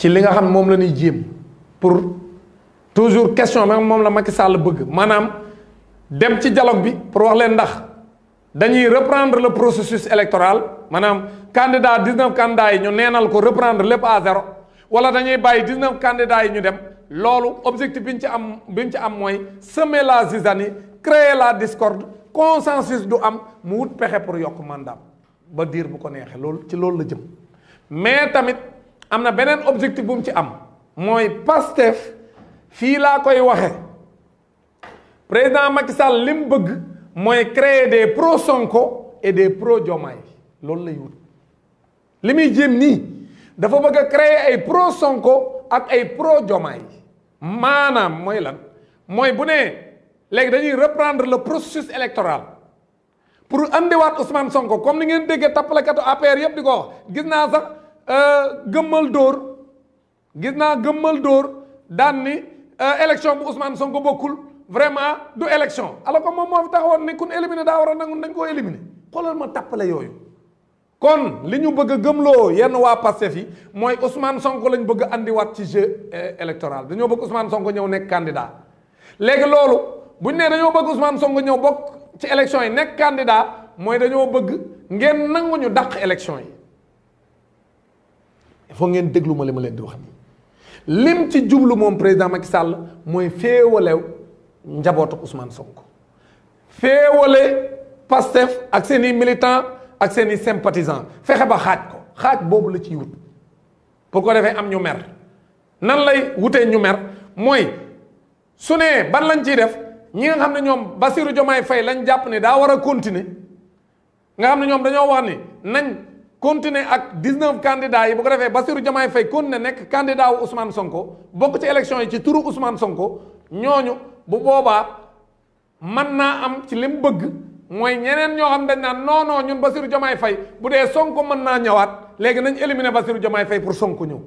ci li nga xam moom la ñuy jéem pour toujours question même moom la Macky Sall bëgg maanaam dem ci dialogue bi pour wax leen ndax dañuy reprendre la processus électoral maanaam candidat 19 candidats yi ñu neenal ko reprendre lépp à zéro wala dañuy bàyyi 19 candidats yi ñu dem loolu objectif bi ñu ci am bi ñu ci am mooy semer la zizanie créer la discorde consensus du am mu wut pexe pour yokk mandat ba diir bu ko neexee lool ci loolu la jëm mais tamit. am na beneen objectif bu mu ci am mooy Pastef fii laa koy waxe président Macky Sall li mu bëgg mooy créer des pro Sonko et des pro Diomaye loolu lay wut li muy jéem nii dafa bëgg a créer ay pro Sonko ak ay pro Diomaye maanaam mooy lan mooy bu nee léegi dañuy reprendre le processus électoral pour andiwaat Ousmane Sonko comme ni ngeen déggee tappalekatu APR yëpp di ko wax gis naa sax Euh, gëmmal dóor gis naa gëmmal dóor daan ni euh, élection bu Ousmane Sonko bokkul vraiment du élection alors ko moom moo fi taxawoon ni kun éliminer daa war a nangu dañ koo éliminer xoolal ma tàppale yooyu kon li ñu bëgg a gëmloo yenn waa Pastef yi mooy Ousmane Sonko lañ bëgg a andiwaat ci jeu euh, électoral dañoo bëgg Ousmane Sonko ñëw nekk candidat léegi loolu bu ñu nee dañoo bëgg Ousmane Sonko ñëw bokk ci élection yi nekk candidat mooy dañoo bëgg ngeen nangu ñu daq élection yi foo ngeen déglu ma li ma leen di wax nii lim ci jublu moom président Macky sàll mooy féewalew njabootu Ousmane Sonko féewale Pastef ak seen i ak seen i fexe ba xaaj ko xaaj boobu la ciy wut pour ko defee am ñu mer nan lay wutee ñu mer mooy su nee ban lañ ciy def ñi nga xam ne ñoom Bassirou Diomaye fay lañ jàpp ne daa war a continuer nga xam ne ñoom dañoo wax ni nañ continuer ak 19 candidats yi bu ko defee Bassirou Diomaye Faye continuer nekk candidat wu Ousmane Sonko bokk ci élection yi ci turu Ousmane Sonko ñooñu bu boobaa mën naa am ci li mu bëgg mooy ñeneen ñoo xam dañ naan non non ñun Bassirou Diomaye fay bu dee Sonko mën naa ñëwaat léegi nañ éliminer Bassirou Diomaye fay pour Sonko ñëw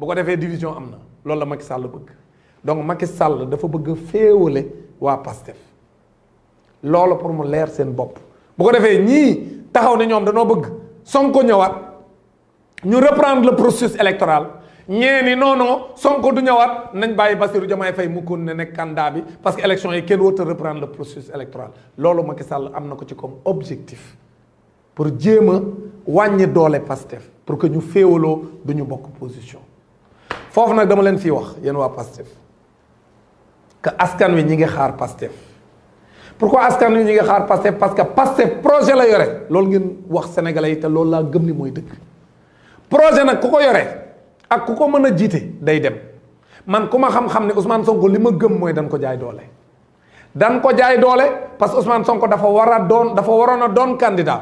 bu ko defee division am na loolu la Macky sàll bëgg donc Macky sàll dafa bëgg a féewale waa PASTEF loolu pour mu leer seen bopp bu ko defee ñii taxaw ne ñoom danoo bëgg. Sonko ñëwaat ñu reprendre le processus électoral ñee ni non Sonko du ñëwaat nañ bàyyi Bassirou Diomaye fay mu kon ne nekk candidat bi parce que élection yi kenn warut reprendre le processus électoral loolu Macky Sall am na ko ci comme objectif pour jéem a wàññi doole Pastef pour que ñu féewaloo du ñu bokk position foofu nag dama leen fii wax yenn waa Pastef que askan wi ñi ngi xaar Pastef pour pourquoi askan wi ñu ngi xaar Pastef parce que Pastef projet la yore loolu ngeen wax sénégalais yi te loolu laa gëm ni mooy dëgg projet nag ku ko yore ak ku ko mën a jiite day dem man ku ma xam-xam ne Ousmane Sonko li ma gëm mooy dañ ko jaay doole. dan ko jaay doole parce que Ousmane Sonko dafa war doon dafa waroon a doon kandidaa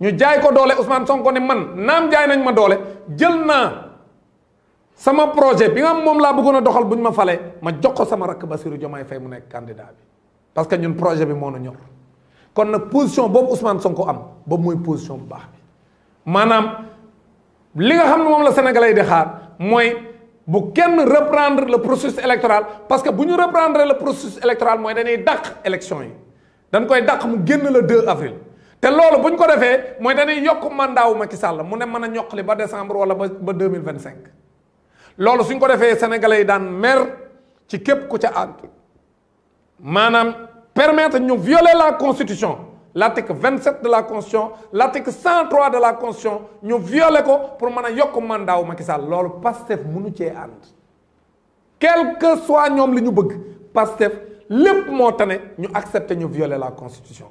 ñu jaay ko doole Ousmane Sonko ne man naam jaay nañ ma doole jël naa. sama projet bi nga moom laa bëggoon a doxal bu ñu ma falee ma jox ko sama rakk Bassirou Diomaye fay mu nekk candidat bi parce que ñun projet bi moo na ñor kon nag position boobu Ousmane ko am boobu mooy position bu baax bi maanaam li nga xam ne moom la yi di xaar mooy bu kenn reprendre la processus électoral parce que bu ñu reprendre la processus électoral mooy dañuy daq élection yi dañ koy daq mu génn la 2 avril te loolu bu ñu ko defee mooy dañuy yokk mandat wu Macky Sall mu ne mën a ñoqali ba décembre wala ba ba 2025 loolu suñ ko defee sénégalais yi daan mer ci képp ku ca ànd maanaam permettre ñu viole la constitution l'article 27 de la constitution l'article 103 de la constitution ñu violer ko pour mën a yokk mandat wu Macky Sall loolu Pastef mënu cee ànd quel que soit ñoom li ñu bëgg Pastef lépp moo tane ñu accepter ñu viole la constitution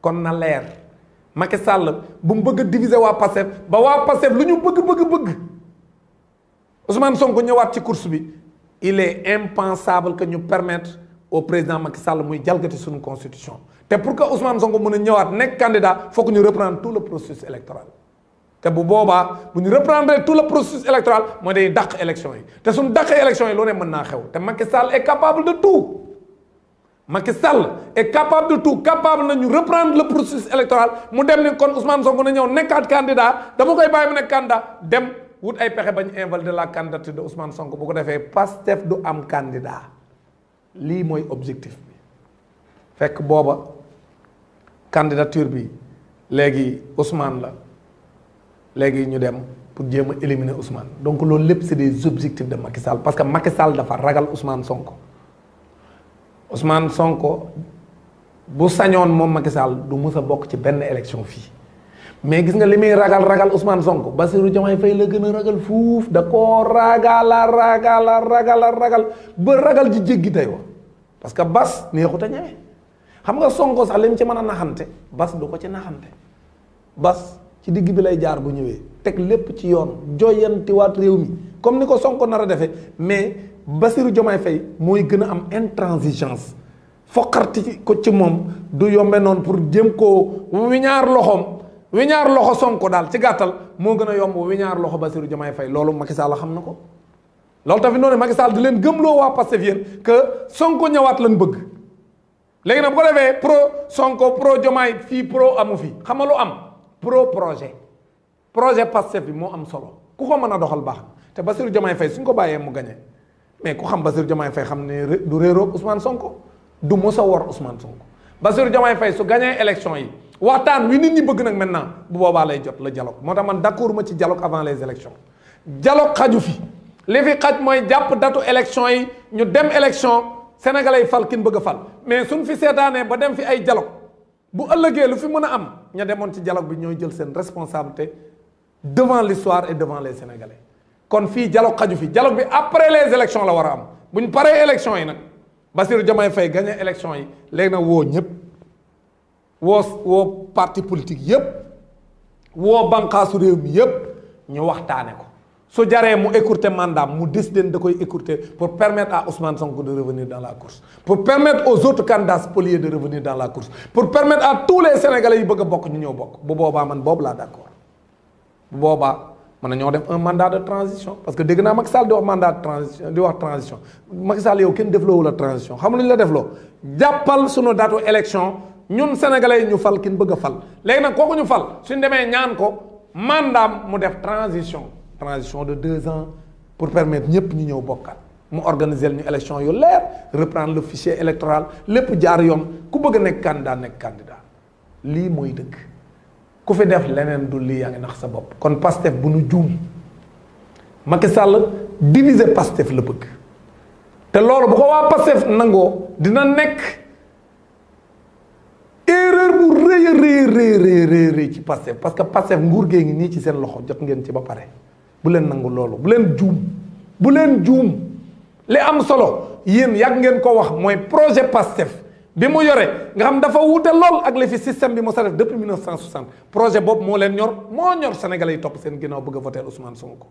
kon na leer Macky bu mu bëgg a diviser waa Pastef ba waa Pastef lu ñu bëgg bëgg bëgg Ousmane Sonko ñëwaat ci course bi il est impensable que ñu permettre au président Macky Sall muy jalgati suñu constitution te pour que Ousmane Sonko mën a ñëwaat nekk candidat fokk ñu reprendre tout le processus électoral te bu boobaa bu ñu reprendre tout le processus électoral mooy day dàq élection yi te suñu dàqee élection yi loo ne mën naa xew te Macky Sall est capable de tout Macky Sall est capable de tout capable na ñu reprendre le processus électoral mu dem ni kon Ousmane Sonko na ñëw nekkaat candidat dama koy bàyyi mu nekk candidat dem wut ay pexe ba ñu invalider la candidature de Ousmane Sonko bu ko defee Pastef du am candidat. lii mooy objectif bi fekk booba candidature bi léegi Ousmane la léegi ñu dem pour jéem a éliminer Ousmane donc loolu lépp c'est des objectifs de Macky Sall parce que Macky Sall dafa ragal Ousmane Sonko Ousmane Sonko bu sañoon moom Macky du mës a bokk ci benn élection fii mais gis nga li muy ragal ragal Ousmane Sonko Bassirou Diomaye Faye la gën a ragal fuuf da koo ragala ragala ragala ragal ba ragal di jéggi tey wa parce que Bas neexut a xam nga Sonko sax lim ci mën a naxante Bas du ko ci naxante Bas ci digg bi lay jaar bu ñëwee teg lépp ci yoon joyantiwaat réew mi comme ni ko Sonko nar a defee mais Bassirou Diomaye Faye mooy gën a am intransigeance foqarti ko ci moom du yombe noonu pour jëm koo wiñaar loxoom. weñaar loxo Sonko daal ci gàttal moo gën a yomb weñaar loxo Bassirou Diomaye Faye loolu Macky Sall xam na ko loolu tamit noonu Macky Sall di leen gëmloo waa Pastef yéen que Sonko ñëwaat lañ bëgg léegi nag bu ko pro Sonko pro Diomaye fii pour amu fii xam nga lu am pour projet projet Pastef bi moo am solo ku ko mën a doxal baax te Bassirou Diomaye fay suñ ko bàyyee mu gañe mais ku xam Bassirou Diomaye Faye xam ne du réeroog Ousmane Sonko du mos a wor Ousmane Sonko Bassirou Diomaye fay su gañee élection yi waxtaan wi nit ñi bëgg nag maintenant bu boobaa lay jot la dialogue moo tax man d'accord ma ci dialogue avant les élections dialogue xaju fi li fi xaj mooy jàpp datu élection yi ñu dem élection sénégalais yi fal kin bëgg a fal mais suñ fi seetaanee ba dem fi ay dialogue bu ëllëgee lu fi mën a am ña demoon ci dialogue bi ñooy jël seen responsabilité devant l'histoire et devant les sénégalais kon fii dialogue xaju fi dialogue bi après les élections la war a am bu ñu paree élections yi nag Bassirou Diomaye Faye gagné élections yi léegi nag woo ñëpp woo woo parti politique yépp woo banqaasu réew mi yépp ñu waxtaane ko su jaree mu écourter mandat mu décider da koy écourter pour permettre a Ousmane Sonko de revenir dans la course pour permettre aux autres candidats spoliés de revenir dans la course pour permettre à tous les sénégalais yi bëgg a bokk ñu ñëw bokk bu boobaa man boobu laa d'accord bu boobaa mën na ñoo def un mandat de transition parce que dégg naa Macky Sall di wax mandat de transition di wax transition Macky Sall yow kenn defloowu la transition xam lu ñu la defloo jàppal sunu datu élection ñun sénégalais yi ñu fal kin bëgg a fal léegi nag kooku ñu fal suñ demee ñaan ko mandaam mu def transition transition de deux ans pour permettre ñëpp ñu ñëw bokkaat mu organiser ñu élection yu leer reprendre le fichier électoral lépp jaar yoon ku bëgg a nekk candidat nekk candidat lii mooy dëkk ku fi def leneen du lii yaa ngi nax sa bopp kon pastef bu nu juum Macky Sall diviser pastef la bëgg te loolu bu ko waa pastef nangoo dina nekk rëy rëy rëy ci Pastef parce que Pastef nguur gee ngi nii ci seen loxo jot ngeen ci ba pare bu leen nangu loolu bu leen juum bu leen juum li am solo yéen yàgg ngeen ko wax mooy projet Pastef bi mu yore nga xam dafa wuute lool ak li fi système bi mos a def depuis 1960 projet boobu moo leen ñor moo ñor Sénégalais yi topp seen ginnaaw bëgg a voter Ousmane ko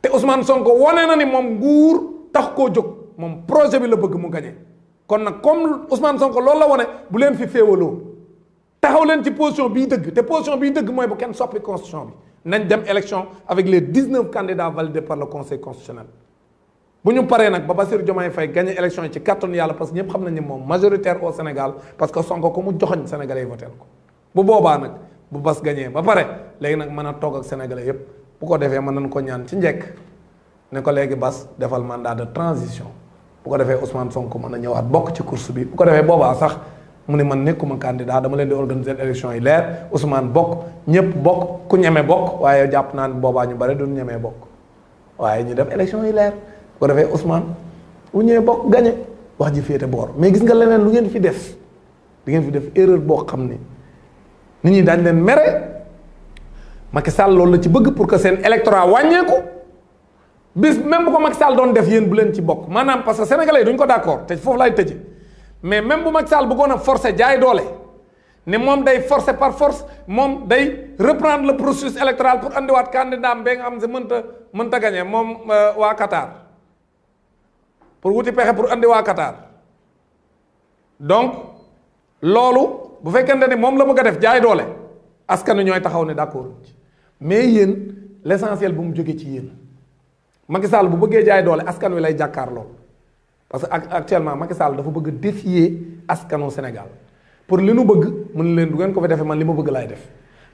te Ousmane Sonko wane na ni moom nguur tax koo jóg moom projet bi la bëgg mu gañe kon nag comme Ousmane Sonko loolu la wane bu leen fi féewaloo taxaw leen ci position biy dëgg te position biy dëgg mooy bu kenn soppi constitution bi nañ dem élection avec les dix neuf candidats validés par le conseil constitutionnel. bu ñu paree nag ba Bassirou Diomaye Faye gagné élection yi ci kàttanu yàlla parce que ñëpp xam nañ ne moom majoritaire au Sénégal parce que Sonko ko mu joxoñ Sénégalais yi voté ko bu boobaa nag bu bas gagné ba pare léegi nag mën a toog ak Sénégalais yépp bu ko defee mën nañ ko ñaan ci njekk ne ko léegi Bass defal mandat de transition bu ko defee Ousmane Sonko mën a ñëwaat bokk ci course bi bu ko defee boobaa sax. mu ne man nekkuma candidat dama leen di organiser élection yi leer Ousmane bokk ñëpp bokk ku ñeme bokk waaye jàpp naa ne boobaa ñu bare du ñemee bokk waaye ñu def élection yi leer bu defee Ousmane bu ñëwee bokk gañe wax ji féete boor mais gis nga leneen lu ngeen fi def lu ngeen fi def erreur boo xam ni nit ñi daañ leen mere Macky Sall lool la ci bëgg pour que seen électorat wàññeeku bis même bu ko Macky Sall doon def yéen bu leen ci bokk maanaam parce que sénégalais ko d'accord te foofu laay mais même bu Macky Sall bëggoon a forcer jaay doole ne moom day forcer par force moom day reprendre le processus électoral pour andiwaat candidat am ba nga xam ne mënta mënta gagné moom euh, waa Qatar pour wuti pexe pour andi waa Qatar donc loolu bu fekkente ne moom la bëgg a def jaay doole askanu ñooy taxaw ne d'accord mais yéen l'essentiel bu mu jógee ci yéen Macky Sall bu bëggee jaay doole askan wi lay jàkkaarloo. parce que actuellement Macky Sall dafa bëgg a défier askanu Sénégal pour li nu bëgg mën leen du ngeen ko fi defee man li ma bëgg laay def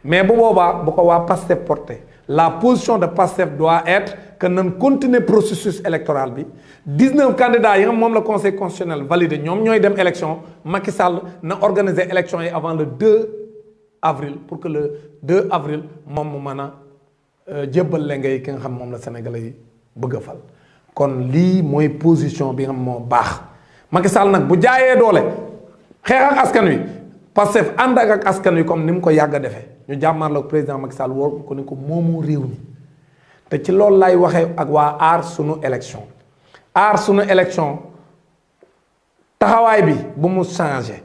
mais bu boobaa bu ko waa PASTEF porté la position de PASTEF doit être que nan continuer processus électoral bi 19 candidats yi nga moom la conseil constitutionnel validé ñoom ñooy dem élection Macky na organiser élection yi avant le 2 avril pour que le deux avril moom mu mën a euh, jébbal lengay ki nga xam moom la Sénégalais yi bëgg fal. kon lii mooy position bi nga xam moo baax Macky Sall nag bu jaayee doole xeex ak askan wi Pastef ànd ak ak askan wi comme ni mu ko yàgg a defee ñu jàmmarloog président Macky Sall wóor ko ni ko moomu réew mi te ci loolu lay waxee ak waa aar sunu élection aar sunu élection taxawaay bi bu mu changé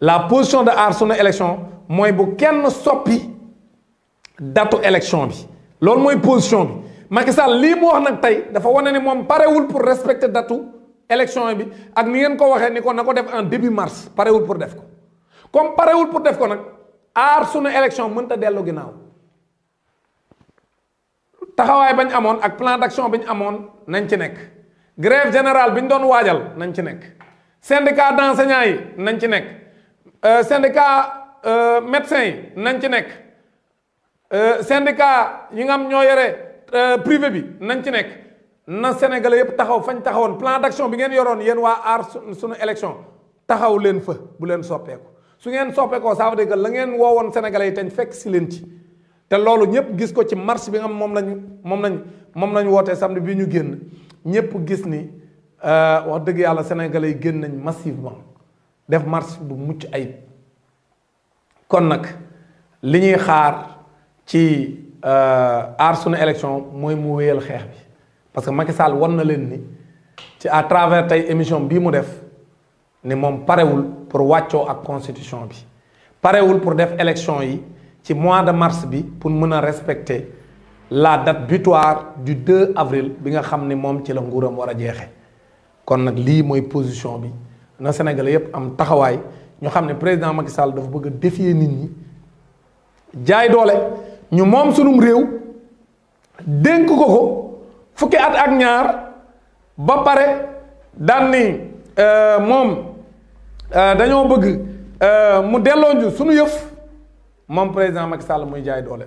la position de aar sunu élection mooy bu kenn soppi datu élection bi loolu mooy position bi. Macky Sall lii mu wax nag tey dafa wone ni moom parewul pour respecter datu élection bi ak ni ngeen ko waxee ni ko na ko def en début mars parewul pour def ko comme parewul pour def ko nag aar sunu élection mënta dellu ginnaaw taxawaay bañ amoon ak plan d'action bi ñu amoon nañ ci nekk grève général bi ñu doon waajal nañ ci nekk syndicat d'enseignants yi nañ ci nekk euh, syndicat euh, médecins yi nañ ci nekk euh, syndicat yi nga am ñoo yore Euh, privé bi nañ ci nekk na sénégalais yépp taxaw fañ taxawoon plan d'action bi ngeen yoroon yéen waa aar suñu élection taxaw leen fa bu leen soppeeku su ngeen soppeekoo ça veut dire la ngeen woowoon sénégalais yi tañ fekk si leen ci te loolu ñëpp gis ko ci marche bi nga moom nañu moom lañ moom lañ wootee samedi bi ñu génn ñëpp gis ni euh, wax dëgg yàlla sénégalais yi génn nañ massivement def marche bu mucc ayib kon nag li ñuy xaar ci Euh, aar sunu élection mooy mu wéyal xeex bi parce que Macky Sall won na leen ni ci à travers tey émission bii mu def ni moom parewul pour wàccoo ak constitution bi parewul pour def élection yi ci mois de mars bi pour mën a respecter la date butoir du 2 avril bi nga xam ni moom ci la nguuram war a jeexe kon nag lii mooy position bi na Sénégal yépp am taxawaay ñu xam ne président Macky Sall dafa bëgg a défier nit ñi jaay doole ñu moom sunum réew dénk ko ko fukki at ak ñaar ba pare daan ni euh, moom euh, dañoo bëgg euh, mu delloo ñu sunu yëf moom président Macky Sall muy jaay doole.